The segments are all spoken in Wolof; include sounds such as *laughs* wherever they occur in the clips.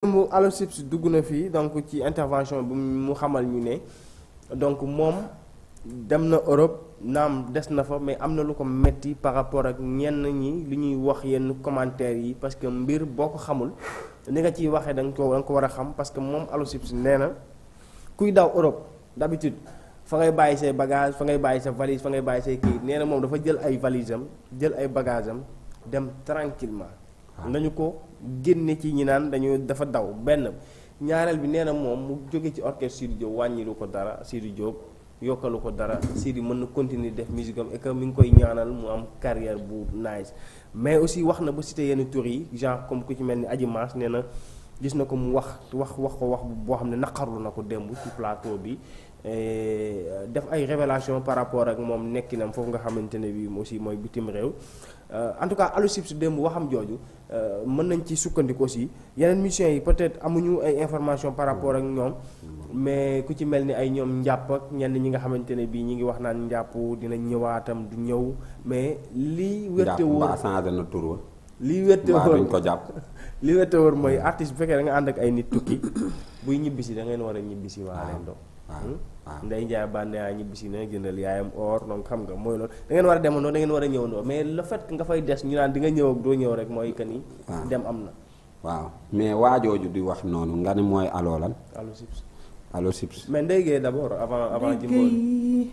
alo ALOSIPS dugg na fii donc ci intervention bi mu xamal ñu ne donc moom dem na Europe naam des na fa mais am na lu ko metti par rapport ak ñenn ñi li ñuy wax yenn commentaires yi parce que mbir boo ko xamul ni nga ciy waxee da nga ko da nga ko war a xam parce que moom ALOSIPS nee na kuy daw Europe d'habitude fa ngay bàyyi say bagage fa ngay bàyyi sa valise fa ngay bàyyi say kii nee na moom dafa jël ay valises jël ay bagages dem tranquillement ah. nañu ko génne ci ñi naan dañu dafa daw benn ñaareel bi nee na moom mu jóge ci orchestre Sidy Diop wàññilu ko dara Sidy Diop yokkalu ko dara Sidy mën na continuer def musique am et mi ngi koy ñaanal mu am carrière bu nice mais aussi wax na ba cité yenn tur yi genre comme ku ci mel ni Adji Mass nee na gis na ko mu wax wax wax ko wax boo xam ne naqarlu na ko démb ci plateau bi Euh, def ay révélation par rapport ak moom nekkinam foofu nga xamante ne bii aussi mooy bitim réew euh, en tout cas Alou Ships démb waxam jooju euh, mën nañ ci sukkandiku aussi yeneen missions yi peut-être amuñu ay information par rapport ak ñoom mais ku ci mel ni ay ñoom njàpp ñenn ñi nga xamante ne bii ñi ngi wax naan njàpp dina ñëwaatam du ñëw mais li wérte wóor changé na tur *laughs* li wérte wóor ko jàpp li wérte mooy artiste bu fekkee da ànd ak ay nit tukki buy ñibbisi da ngeen war a ñibbisi waa leen do waaw Ndeye Ndiaye Banaya ñibbisi na jëndal yaayam oor donc xam nga mooy loolu da ngeen war a demandoo da ngeen war a ñëwandoo mais le fait que nga fay des ñu naan di nga ñëw ak doo ñëw rek mooy que ni. dem am na. waaw mais waajooju di wax noonu nga ne mooy allo lan. allo Sips. allo Sips. mais Ndeye d' abord avant avant. Ndeye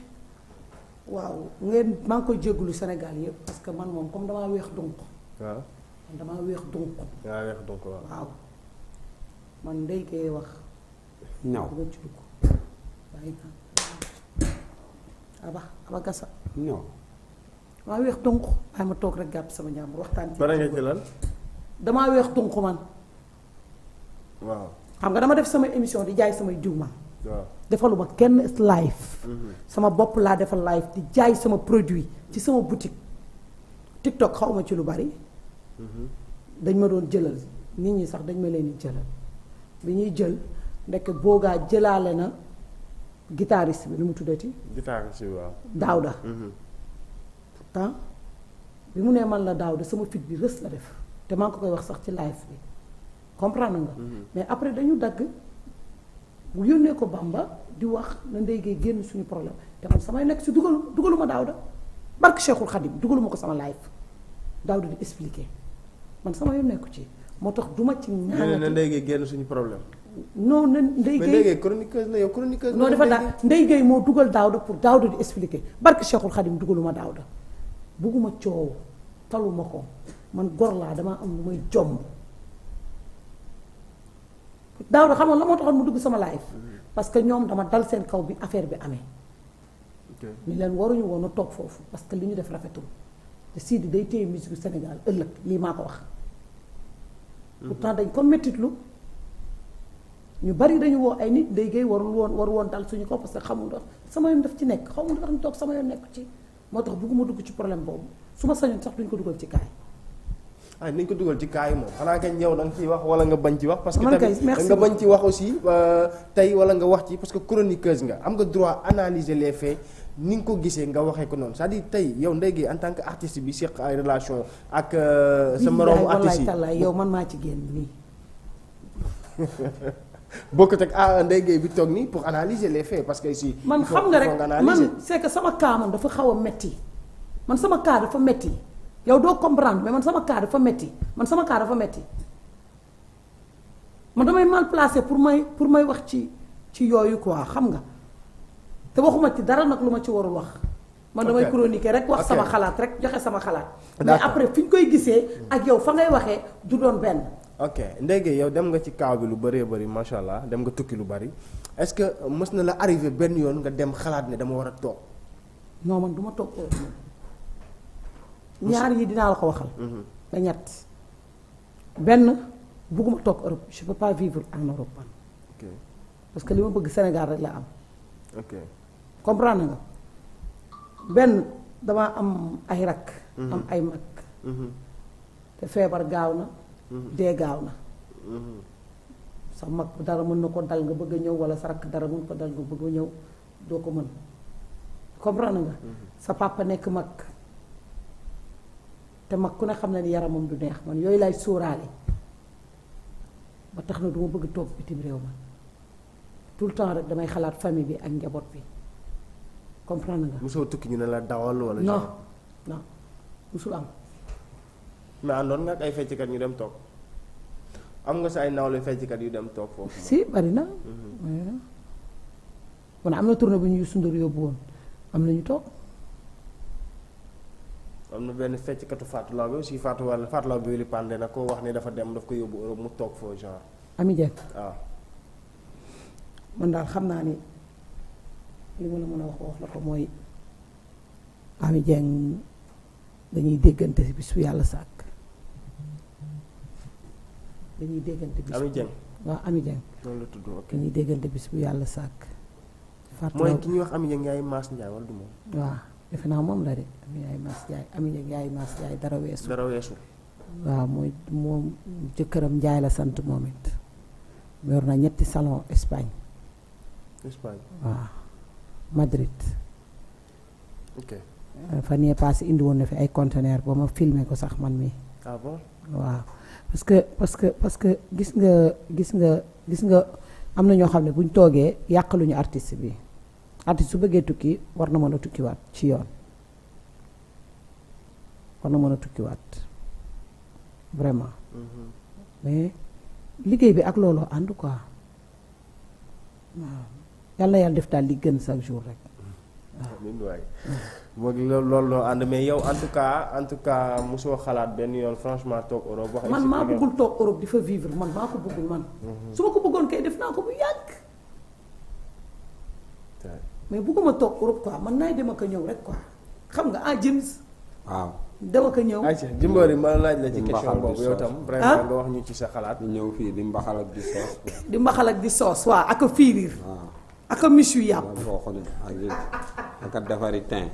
waaw ngeen maa ngi koy jégalu Sénégal yëpp parce que man moom comme damaa weex donc. waaw man damaa weex donc. damaa weex waaw. wax. ñaw aba aba gasa non damaa weex tunk waaye ma toog rek gàpp sama njàmbur waxtaan ci nga ci weex tunk man waaw nga dama def sama émission di jaay samay diw man waaw defaluma kenn live mhm. sama bopp laa defal live di jaay sama produit ci sama boutique TikTok xaw ma ci lu bari mhm. dañ ma doon jëlal nit ñi sax dañ ma leen di jëlal bi ñuy jël ndekk boogaa jëlaale na guitariste bi nu mu tuddati. guitariste bi waaw. Daawda. Mm-hmm. pourtant bi mu nee man la Daawda sama fit bi rës la def te maa ngi ko koy wax sax ci live bi comprendre nga. Mm-hmm. mais après dañu dagg bu yónnee ko Bamba di wax na Ndeye génn suñu problème te man samay nekk si dugalu dugaluma Daawda barke Cheikhul dugalu ma ko sama live Daawda di expliquer man sama yoon nekku ci moo tax duma ci. ñaanati nee na génn suñu problème. noonu na Ndeye Gueye mais léegi chroniqueuse la yow chroniqueuse. non dafa daan Ndeye Gueye moo dugal Daouda pour Daouda di expliquer barke Cheikhul Khadim dugaluma Daouda bugguma coow taluma ko man gor laa damaa am lu may jomb Daouda xam nga la moo taxoon mu dugg sama live parce que ñoom dama dal seen kaw bi affaire bi amee. mi leen waruñu woon a toog foofu parce que li ñu def rafetul te Sidi day téye musique Sénégal ëllëg lii maa ko wax. Mhm. pourtant dañ kon méttitlu ñu bari dañu woo ay nit day géey warul woon waru woon dal suñu ko parce que xamul ndax sama yoon daf ci nekk xaw ma toog sama yoon nekk ci moo tax bugguma dugg ci problème boobu su ma sañoon sax duñ ko dugal ci kaay ah moom xanaa kañ yow da nga ciy wax wala nga bañ ci wax parce que tamit nga bañ ci wax aussi euh, tey wala nga wax ci parce que chroniqueuse nga am nga droit analyser les faits ni nga ko gisee nga waxee ko noonu cest di tey yow Ndeye Gueye en tant que artiste bi seq ay relation ak euh, sa moroomu artiste yi yow man maa ci génn nii *laughs* bokkut ak ah Ndeye Gueye bi toog nii pour analyser les faits parce que si. man xam nga rek man c'est que sama cas dafa xaw a metti man sama cas dafa metti yow doo comprendre mais man sama cas dafa metti man sama cas dafa metti damay mal placé pour may pour may wax ci ci yooyu quoi xam nga te waxuma ci dara nag lu ma ci warul wax. man damay chroniquer rek wax sama xalaat rek joxe sama xalaat. mais après fi ñu koy gisee. ak yow fa ngay waxee du doon benn. ok ndéggee yow dem nga ci kaaw bi lu baree bari macha allah dem nga tukki lu bari est-ce que mës na la arrivé benn yoon nga dem xalaat ne dama war a toog. non man du ma toog ñaar yi dinaa la ko waxal. da mhm. ñett benn bugguma toog Europe je peux pas vivre en Europe parce que li ma bëgg Sénégal rek la am. ok comprendre nga benn damaa am ay rakk. Mhm. am ay mag. Mhm. te feebar gaaw na. dee gaaw na sa mag dara mën na ko dal nga bëgg ñëw wala sa rakk dara mën ko dal nga bëgg a ñëw doo ko mën comprendre nga mhm. sa papa nekk mag te mag ku ne xam na ni yaramam du neex mën yooyu laay sóoraale ba tax na duma bëgg toog bitim réew ma tout le temps rek damay xalaat famille bi ak njaboot bi comprendre nga. mosoo tukki ñu ne la dawal wala. non non mosul am. mais àndoon nga ak ay fecckat ñu dem toog am nga sa ay nawle fecckat yu dem toog foofu. si bari na. kon mhm. am na tournée bu ñu Youssou Ndour yóbbu woon am na ñu toog. am na benn fecckatu Fatou Law bi aussi Fatou wala Fatou li pande na koo wax ne dafa dem daf ko yóbbu Europe mu toog foofu genre. Ami Dieng waaw. Ah. man daal xam naa ni li ma la mën a wax wax la ko mooy Ami dañuy déggante si bis yàlla sàkk. dañuy déggante bis Ami Dieng waaw Ami bu yàlla sàkk fàttali mooy ki ñuy wax Ami Dieng yaay Maas Ndiaye wala du moom waaw defe naa moom la de Ami yaay Maas Ndiaye Ami Dieng yaay Maas dara weesu dara mooy moom jëkkëram Ndiaye la sant moom it yor na ñetti salon Espagne Espagne waaw Madrid ok fan yee passé woon na fi ay conteneur ba ma filmé ko sax man mi ah parce que parce que parce que gis nga gis nga gis nga am na ñoo xam ne buñ toogee yàqaluñu artiste bi artiste su bëggee tukki war na mën a tukkiwaat ci yoon war na mën a tukkiwaat vraiment. Mm-hmm. mais liggéey bi ak looloo ànd quoi waaw yàlla yàlla def daal li gën chaque jour rek. amiin waay moog loolu loolu loo ànd mais yow en tout cas en tout cas mosoo xalaat benn yoon franchement toog Europe. wax man maa bëggul toog Europe di fa vivre man maa ko bëggul man. Mhm. su ma ko bëggoon kay def naa ko bu yàgg. mais bëgguma toog Europe quoi man naay dem ak a ñëw rek quoi xam nga ah James. waaw dem ak a ñëw. ayca Jimbori ma laaj la ci question boobu yow tam. Ah? vraiment nga wax ñu ci sa xalaat. ñu ñëw fii di mbaxal ak di soos. di mbaxal ak di soos waaw ak a fiiriir. Ah. ak a misu ak defari teint.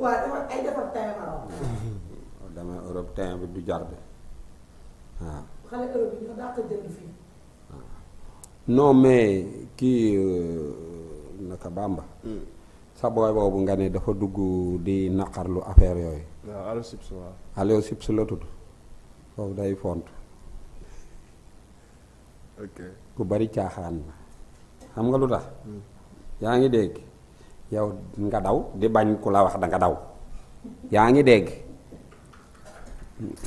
waaw defar teint maroon. *laughs* Europe teint bi du jar de waaw. non mais kii euh, naka Bamba. Hmm. sa booy boobu nga ne dafa dugg di naqarlu affaire yooyu. waaw Aliou la tudd foofu day font. ok ku bari caaxaan la xam nga lu tax. Hmm. yaa ngi dégg. yow nga daw di bañ ku la wax danga daw yaa ngi dégg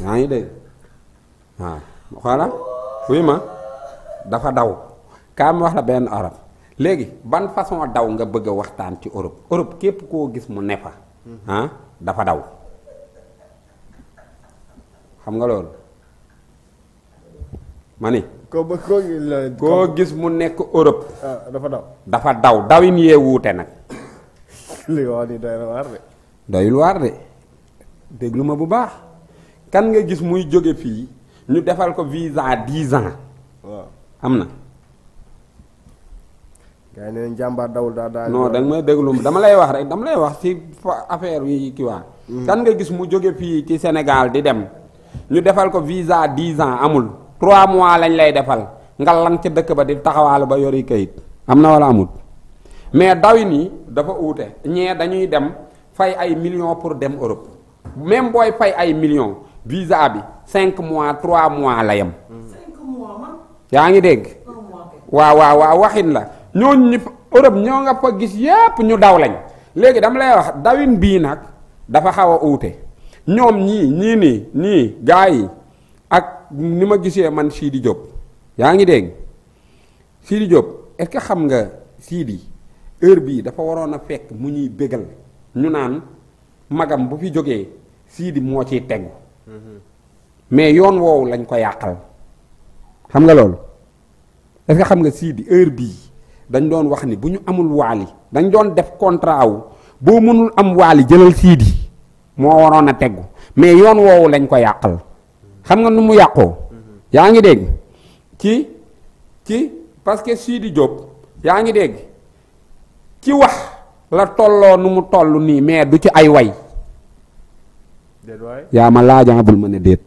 yaa ngi dégg waaw xoola wuy ma dafa daw kaa ma wax la benn arab léegi ban façon daw nga bëgg a waxtaan ci Europe Europe képp koo gis mu ne fa ah, dafa daw xam nga loolu ma ni koo gis mu nekk Europe ah, dafa daw dafa dawin yee wuute nag li nga wax waar de. déglu ma bu baax kan nga gis muy jóge fii ñu defal ko visa dix ans. waaw am na. gars yi ne daa daa. non danga ma déglu dama lay wax rek dama lay wax ci affaire yi kii waa. Mm-hmm. kan nga gis mu jóge fii ci Sénégal di dem ñu defal ko visa dix ans amul trois mois lañ lay defal nga lan ci dëkk ba di taxawaalu ba yori kayit am na wala amul. mais dawin yi dafa uute ñee dañuy dem fay ay millions pour dem Europe même booy fay ay millions visa bi cinq mois trois mois la yam yaa ngi dégg. waaw waaw waa waxin la ñooñu ñu Europe ñoo nga fa gis yépp ñu daw lañ léegi dama lay wax dawin bii nag dafa xaw a uute ñoom ñii ñii nii ñii gaa yi ak ni ma gisee man Sidi Diop yaa ngi dégg Sidi Diop est-ce xam nga Sidi. heure bii dafa waroon a fekk mu ñuy bégal ñu naan magam bu fi jógee Sidi moo ciy tegu mais yoon woowu lañ ko yàqal xam nga loolu est xam nga Sidi heure bii dañ doon wax ni bu ñu amul waali dañ doon def contrat wu boo mënul am waali jëlal siidi moo waroon a tegu mais yoon woowu lañ ko yàqal xam nga nu mu yàqoo yaa ngi dégg ci ci parce que Sidi Diop yaa ngi dégg ci wax la tolloo nu mu toll nii mais du ci ay way yaa ma laaj ah, bul ma ne déet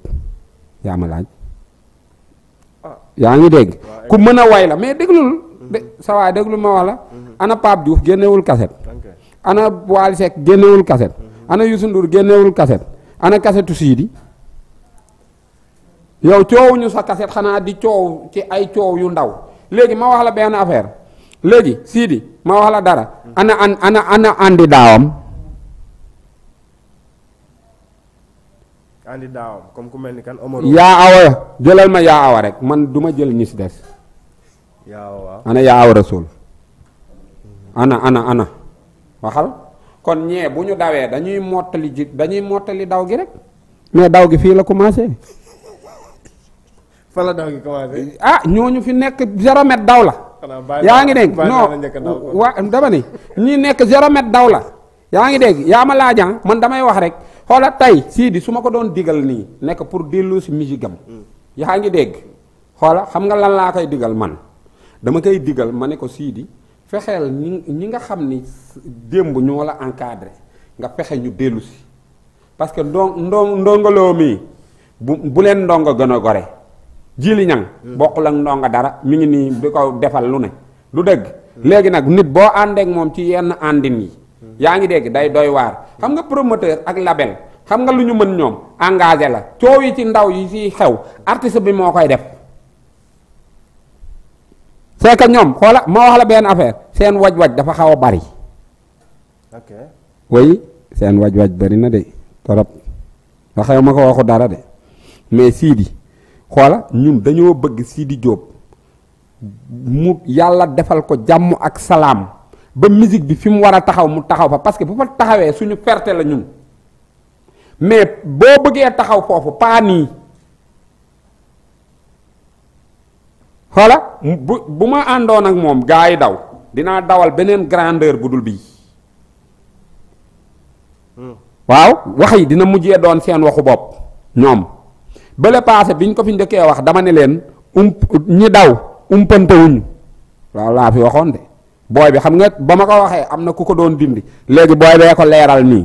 yaa ma laaj ah. yaa ngi dégg ku mën a way la mais déglul mm-hmm. de sa déglul ma wax la mm-hmm. ana Pape Diouf génnewul kaset ana Wally Seck génnewul kaset mm-hmm. ana Youssou Ndour génnewul kaset ana kasetu Sidi yow coowuñu sa kaset xanaa di coow ci ay coow yu ndaw léegi ma wax la benn affaire léegi Sidi ma wax la dara. ana an ana ana daawam. ku mel ni kan Omaro. yaa awa jëlal ma yaa awa rek man du jël ñi si des. yaa awa ana yaa awa rasul. ana ana ana waxal. kon ñee bu ñu dawee dañuy mottali ji dañuy mottali daw gi rek mais daw gi fii la commencé. fa la daw ah, ñooñu fi nekk zéro daw la. yaa ngi dégg non wa dama ni ñi nekk zéro mètre daw la yaa ngi dégg yaa ma laajan ah, man damay wax rek xoola tey Sidi su ma ko doon digal nii nekk pour dellu si musique am hmm. yaa ngi dégg xoola xam nga lan laa koy digal man dama koy digal ma ne ko Sidi fexeel ñi ñi nga xam ni démb ñoo la encadré nga fexe ñu dellu si parce que ndon ndon ndongoloo mii bu bu leen ndong gën a gore jili ñang bokkul ak ndongo dara mu ngi nii di ko defal lu ne du dëgg léegi nag nit boo àndeek moom ci yenn àndin yi yaa ngi dégg day doy waar xam nga promoteur ak label xam nga lu ñu mën ñoom engagé la coow yi ci ndaw yi ci xew artiste bi moo koy def c'est que ñoom xoola ma wax la benn affaire seen waj-waj dafa xaw a bari ok seen waj-waj bari na de torop waxee ma ko waxu dara de mais Sidi xoola ñun dañoo bëgg siidi Diop mu yàlla defal ko jàmm ak salaam ba musique bi fi mu war a taxaw mu taxaw fa parce que bu fa taxawee suñu fierté la ñun mais boo bëggee taxaw foofu paa nii xoola bu bu ma àndoon ak moom gars yi daw dinaa dawal beneen grandeur bu dul bii hmm. waaw wax yi dina mujjee doon seen waxu bopp ñoom bële paase biñ ko fi njëkkee wax dama ne leen um ñi daw umpante wuñu loolu laa fi waxoon de booy bi xam nga ba ma ko waxee am na ku ko doon dindi léegi booy bee ko leeral nii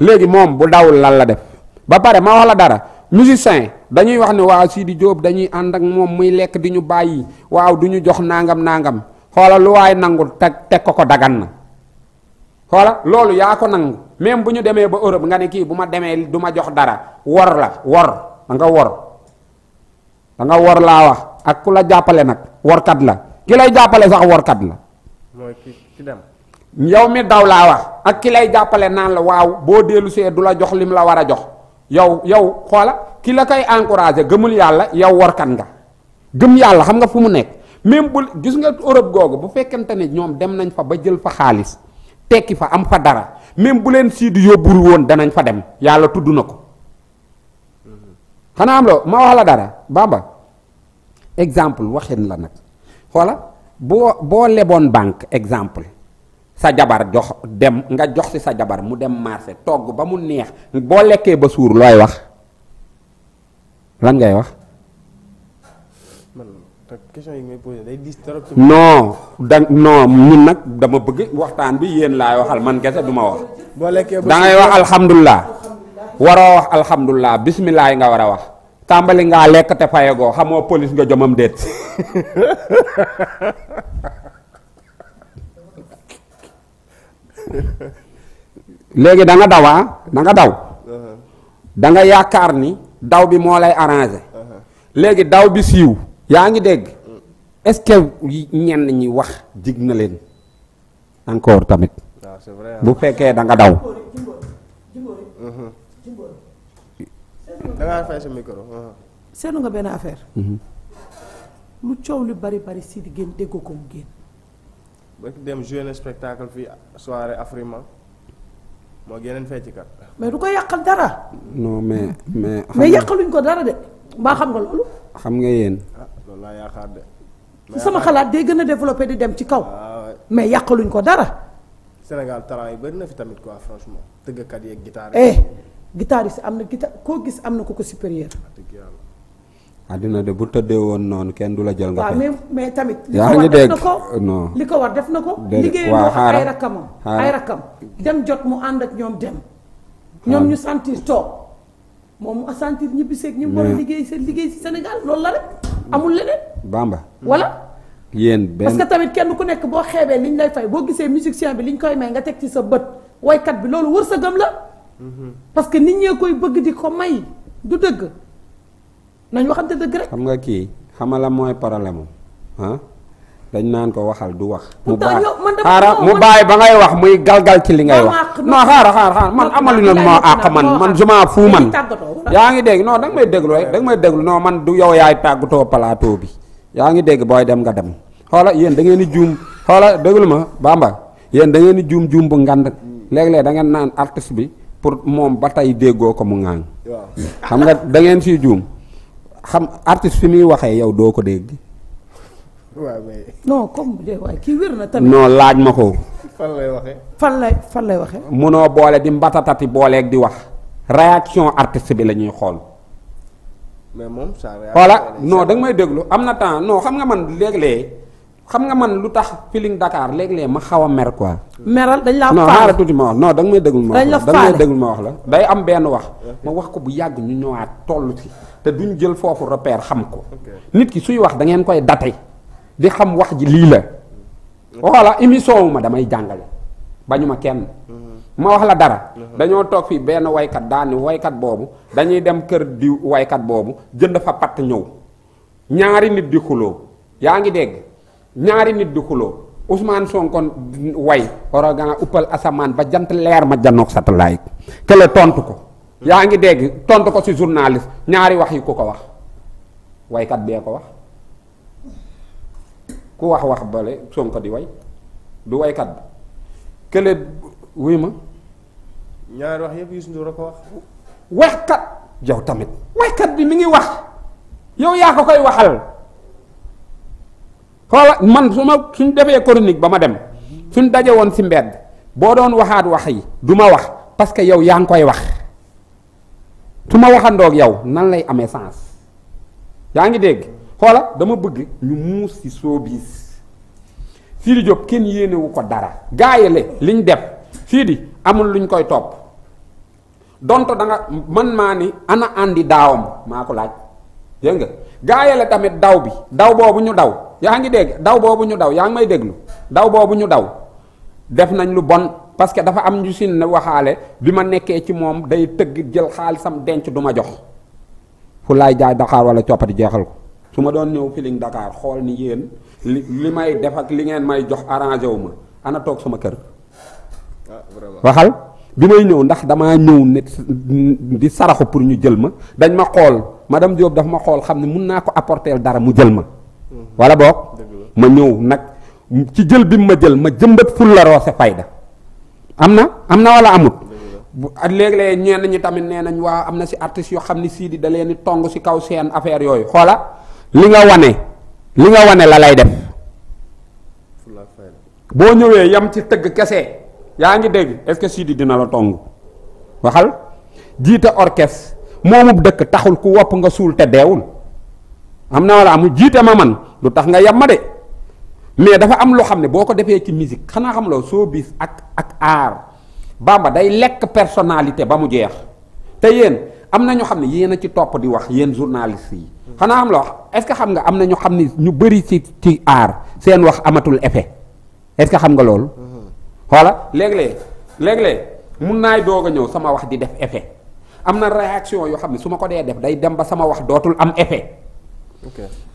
léegi moom bu dawul lan la def ba pare ma wax la dara musicien dañuy wax ne waaw di jóob dañuy ànd ak moom muy lekk di ñu bàyyi waaw du ñu jox nangam nangam xoola lu waay nangul teg teg ko ko dagan na xoola loolu yaa ko nangu même bu ñu demee ba Europe nga ne kii bu ma demee du ma jox dara wor la wor da nga wor da nga wor laa wax ak ku la jàppale nag workat la ki lay jàppale sax workat la. mooy yow mi daw laa wax ak ki lay jàppale naan la waaw boo dellu see du la jox lim la war a jox yow yow xoola ki la koy encouragé gëmul yàlla yow workat nga gëm yàlla xam nga fu mu nekk même bul gis nga Europe googu bu fekkente ne ñoom dem nañ fa ba jël fa xaalis tekki fa am fa dara même bu leen siidi yóbbul woon danañ fa dem yàlla tudd na ko. xanaa am loo ma wax la dara bamba exemple waxin la nag xoola boo boo leboon banque exemple sa jabar jox dem nga jox ci sa jabar mu dem marché togg ba mu neex boo lekkee ba suur looy wax lan ngay wax. non da non ñun nag dama bëgg waxtaan bi yéen laay waxal man kese du ma wax. boo lekkee ba wax alhamdulilah. waroo wax alhamdulilah bisimilah yi nga war a wax tàmbali ngaa lekk te fayagoo xamoo police nga jomam déet *laughs* léegi da nga daw ah? da nga daw da nga yaakaar ni daw bi moo lay arrangé léegi daw bi siiw yaa ngi dégg est-ce que ñenn ñi wax jig na leen encore tamit ah, bu fekkee da nga daw da fay sa micro. seenu nga benn affaire. Mhm. lu coow lu bari bari Sidy génn déggoo ko mu génn. ba dem joué na spectacle fii soirée Afrima moo yeneen feccikat. mais du ko yàqal dara. non mais mais. yàqaluñ ko dara de mbaa xam nga loolu. xam nga yéen. ah sama xalaat day gën a développé di dem ci kaw. Ah, mais yàqaluñ ko dara. Sénégal talent yi bari na fi tamit quoi franchement tëggkat yeeg guitare. Eh, si am na guitar koo gis am na ku ko supérieur. àddina de bu tëddee woon noonu kenn du la jël nga. waaw mais mais tamit. yaa ngi dégg li ko war def na ko. liggéey moo ay rakamam ay rakam. dem jot mu ànd ak ñoom dem. ñoom ñu sentir toog moom mu sentir ñibbiseeg ñi mu liggéey seen liggéey si Sénégal loolu la rek amul leneen. bamba wala. yéen benn que tamit kenn ku nekk boo xeebee ñu lay fay boo gisee musicien bi liñ koy may nga teg ci sa bët waykat bi loolu sa wërsëgam la. parce que nit ñee koy bëgg di ko may du dëgg nañ waxante dëgg rek. xam nga kii xamala mooy problème ah dañ naan ko waxal du wax. mu baax xaaral mu bàyyi ba ngay wax muy galgal ci li ngay wax. non xaaral xaaral man amalu na moo àq man man juma fu man. yaa ngi dégg non danga may déglu rek danga may déglu non man du yow yaay tàggatoo palaato bi yaa ngi dégg booy dem nga dem xoola yéen da ngeen di juum xoola déglu ma Bamba yéen da ngeen di juum juum bu ngand léeg-léeg da ngeen naan artiste bi. pour moom ba tey déggoo ko mu ŋaang xam nga da ngeen siy juum xam artiste fi muy waxee yow doo ko dégg. waaw kii wér na tamit. non laaj ma ko. fan lay waxee. fan lay fan lay waxee. munoo boole di mbatatati booleeg di wax réaction artiste bi la ñuy xool. mais moom sa réaction voilà non danga may déglu am na temps noo xam nga man léeg-léeg xam nga man lu tax feeling dakaar léeg-léeg ma xaw a mer quoi. meral dañ laa faal non xaaral tuuti ma wax danga may déglu ma wax la danga may ma wax la. day am benn wax ma wax ko bu yàgg ñu ñëwaat toll ci te duñ jël foofu repère xam ko nit ki suy wax dangeen koy date di xam wax ji lii la. voilà émission wu ma damay jàngale bañu ma kenn. Mhm. ma wax la dara. Mhm. dañoo toog fii benn waykat daani waykat boobu dañuy dem kër di waykat boobu jënd dafa patt ñëw ñaari nit di xuloo yaa ngi dégg. ñaari nit du xuloo Ousmane Sonko way orogan uppal asamaan ba jant leer ma janoog satalaay kële tontu ko yaa ngi dégg tontu ko ci journaliste ñaari wax yi ku ko wax waykat bee ko wax ku wax wax bale Sonko di way du waykat bi kële wuy ma ñaari wax yëpp Youssou Ndour a ko wax waxkat yow tamit waykat bi mi ngi wax yow yaa ko koy waxal xoola man su ma suñ defee coronique ba ma dem suñ daje woon si mbedd boo doon waxaat wax yi du ma wax parce que yow yaa ngi koy wax su ma waxandoog yow nan lay amee sens yaa ngi dégg xoola dama bëgg ñu muus si sóobiis Sidi Diop kenn yéenewu ko dara gaayale liñ def di amul luñ koy topp dont danga nga man maa ni ana àndi daawam maa ko laaj dégg nga gaayale tamit daw bi daw boobu ñu daw yaa ngi dégg daw boobu ñu daw yaa ngi may déglu daw boobu ñu daw def nañ lu bon parce que dafa am ñu si waxaale bi ma nekkee ci moom day tëgg jël xaalisam denc du ma jox fu laay jaay Dakar wala coppati jeexal ko su ma doon ñëw Feeling Dakar xool ni yéen li li may def ak li ngeen may jox arrangé wu ma ana toog sama kër. Ah, waxal bi may ñëw ndax dama ñëw ne di saraxu pour ñu jël ma dañ ma xool ma dem Diop daf ma xool xam ne mun naa ko apporter dara mu jël ma. wala boog ma ñëw nag ci jël bi ma jël ma jëmbat ful la fayda am na am na wala amut ak léeg-léeg ñenn ñi tamit nee nañ waa am na si artistes yoo xam ne sii di da leen di tong si kaw seen affaire yooyu xoola li nga wane li nga wane la lay def boo ñëwee yam ci tëgg kese yaa ngi dégg est sii di dina la tong waxal jiite orchestre moomub dëkk taxul ku wopp nga suul te deewul am na wala amul jiite ma man lu tax nga yem ma de mais dafa am loo xam ne boo ko defee ci musique xanaa xam loo soo bis ak ak aar Bamba day lekk personnalité ba mu jeex te yéen am na ñoo xam ne yéen a ci topp di wax yéen journaliste yi. xanaa xam la wax est-ce que xam nga am na ñoo xam ne ñu bëri ci ci aar seen wax amatul effet est-ce que xam nga loolu. Mm-hmm. voilà léeg-léeg léeg-léeg mun naay doog a ñëw sama wax di def effet am na réaction yoo xam ne su ma ko dee def day dem ba sama wax dootul am effet.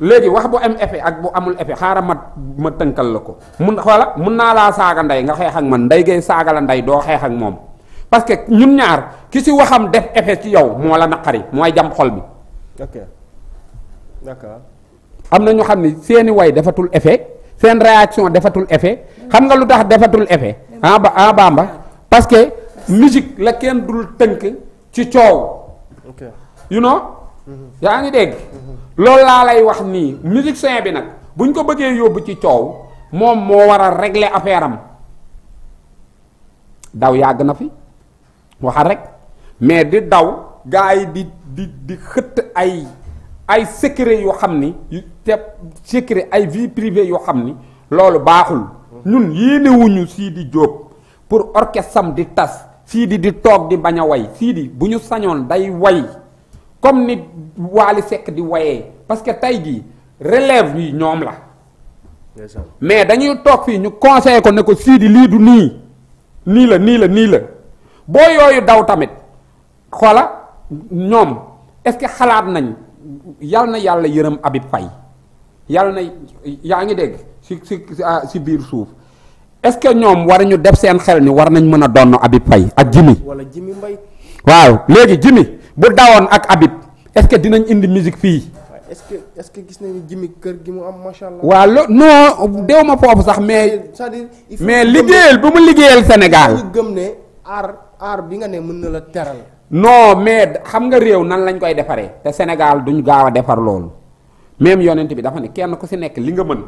léegi wax bu am effet ak bu amul effet xaaral ma ma tënkal la ko mun xoola mun naa laa saaga ndey nga xeex ak man ndey gay saaga la ndey doo xeex ak moom parce que ñun ñaar ki si waxam def effet ci yow moo la naqari mooy jam xol bi. ok am na ñu xam ni seeni way defatul effet seen réaction defatul effet xam nga lu tax defatul effet ah ba ah Bamba parce que musique la kenn dul tënk ci coow. ok you mm-hmm. yaa ngi dégg. Mm-hmm. loolu laa lay wax nii musicien bi nag buñ ko bëggee yóbbu ci coow moom moo waral a régler am daw yàgg na fi waxal rek mais di daw gars yi di di di xëtt ay ay secret yoo xam ni te secret ay vie privée yoo xam ni loolu baaxul ñun yéenewuñu sii di jóob pour orchestre di tas sii di di toog di bañ a way sii di bu ñu sañoon day way comme nit Waly sekk di woyee parce que tey jii relève yi ñoom la mais dañuy toog fii ñu conseillé ko ne ko Sidi lii du nii nii la nii la nii la boo yooyu daw tamit xoola ñoom est-ce que xalaat nañ yal na yàlla yërëm abi fay yal na yaa ngi dégg ci si ah, si biir suuf est-ce que ñoom war ñu def seen xel ni war nañ mën a donn abi Faye ak Jimi wala Jimi waaw léegi Jimi bu dawoon ak Habib est-ce que dinañ indi musique fii. est-ce que est-ce que gis nañu jimi kër gi mu am macha allah. waaw lo non dew foofu sax mais. mais liggéeyal bu mu liggéeyal Sénégal. gëm ne aar aar bi nga ne mën na la teral. non mais xam nga réew nan lañu koy defaree te Sénégal duñ gaaw a defar loolu même yonent bi dafa ne kenn ku si nekk li nga mën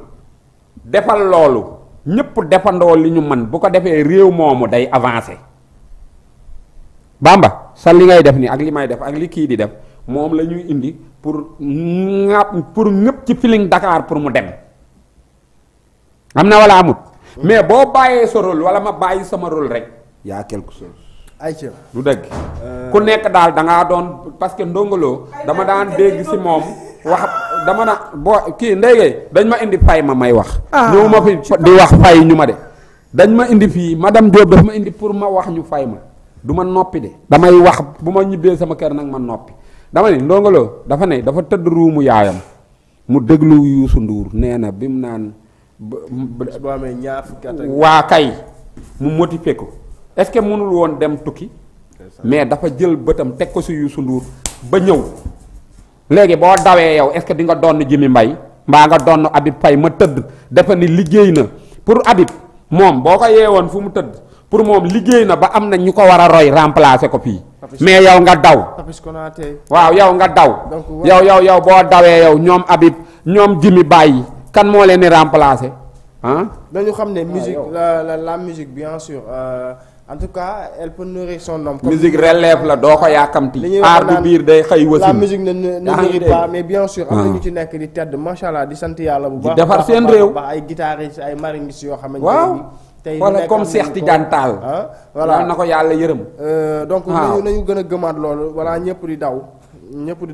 defal loolu ñëpp defandoo li ñu mën bu ko defee réew moomu day avancer. bàmba sa li ngay def nii ak li may def ak li kii di def moom la ñuy indi pour ñaap pour ñëpp ci Feeling dakaar pour mu dem am na wala amut. mais boo bàyyee sa rôle wala ma bàyyi sama rôle rek yaa quelque chose. ayca du dëgg. Euh, ku nekk daal da ngaa doon parce que Ndongo dama daan dégg si moom wax dama na boo kii ndéygay dañ ma indi fay ma may wax. Ah. ñëw ma fi di wax fay ñu ma de. dañ ma indi fii ma dem Diop dafa ma indi pour ma wax ñu fay ma. du ma noppi de damay wax bu ma ñibbee sama kër nag ma noppi dama ne Ndongo dafa ne dafa tëdd ruumu yaayam mu déglu Youssou nduur nee na bi mu naan. waa kay mu motivé ko est-ce que mënul woon dem tukki. mais dafa jël bëtam teg ko si Youssou nduur ba ñëw. léegi boo dawee yow est-ce que di nga doon Jimi Mbaye mbaa nga doon Habib Faye ma tëdd dafa ni liggéey na pour Habib moom boo ko woon fu mu tëdd. pour moom liggéey na ba am na ñu ko war a roy remplacer ko fii mais yow nga daw waaw yow nga daw yow yow yow boo dawee yow ñoom Habib ñoom Jimi bàyyi kan moo leen di remplacer ah dañu xam ne ah, musique la la la musique bien sûr euh... en tout cas elle relève la doo ko yàkkamti. aar du biir day xëy wasin la musique ne ne nourrit pas mais bien ah. ñu ci nekk di tedd macha di sant yàlla bu baax. di defar seen réew ay guitaristes ay marinistes yoo xamante ne. waaw tey wala comme Cheikh Tidiane Tall. Ah, voilà na ko yàlla yërëm. Euh, donc nañu nañu gën a gëmaat loolu wala ñëpp di daw ñëpp di